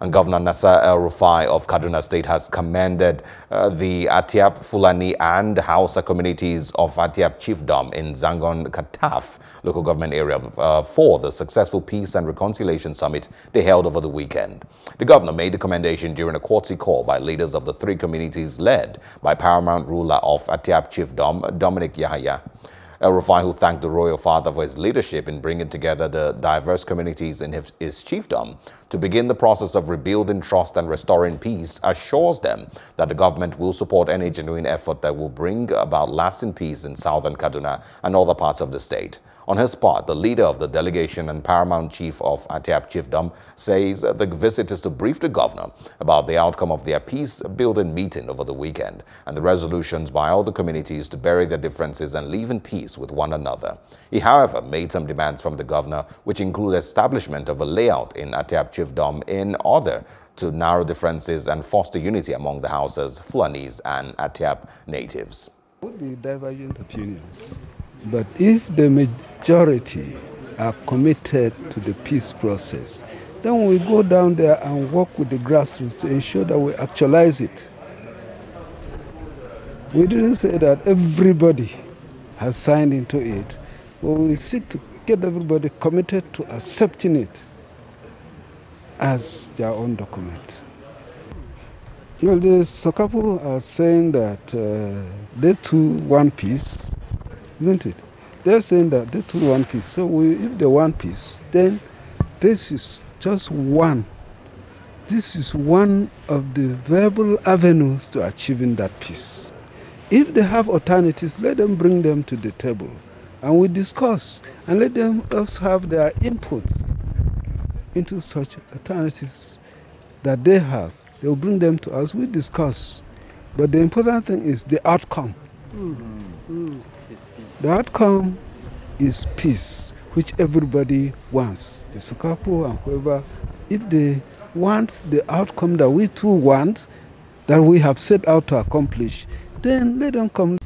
And Governor Nasser El Rufai of Kaduna State has commended uh, the Atiap Fulani and Hausa communities of Atiap Chiefdom in Zangon Kataf local government area uh, for the successful Peace and Reconciliation Summit they held over the weekend. The governor made the commendation during a quarterly call by leaders of the three communities led by paramount ruler of Atiap Chiefdom, Dominic Yahya. El Rufai, who thanked the royal father for his leadership in bringing together the diverse communities in his, his chiefdom to begin the process of rebuilding trust and restoring peace, assures them that the government will support any genuine effort that will bring about lasting peace in southern Kaduna and other parts of the state. On his part, the leader of the delegation and paramount chief of Atiap Chiefdom says the visit is to brief the governor about the outcome of their peace-building meeting over the weekend and the resolutions by all the communities to bury their differences and live in peace with one another. He, however, made some demands from the governor, which include establishment of a layout in Atiab Chiefdom in order to narrow differences and foster unity among the houses Fulanis, and Atiab natives. Would be divergent opinions, but if the majority are committed to the peace process, then we go down there and work with the grassroots to ensure that we actualize it. We didn't say that everybody has signed into it, we will seek to get everybody committed to accepting it as their own document. Well, the Sokapu are saying that uh, they too one piece, isn't it? They're saying that they too one piece. So we, if they one piece, then this is just one. This is one of the verbal avenues to achieving that peace. If they have alternatives, let them bring them to the table and we discuss and let them also have their inputs into such alternatives that they have. They'll bring them to us, we discuss. But the important thing is the outcome. Mm. Mm. The outcome is peace, which everybody wants. The Sokapo and whoever, if they want the outcome that we too want, that we have set out to accomplish, then they don't come.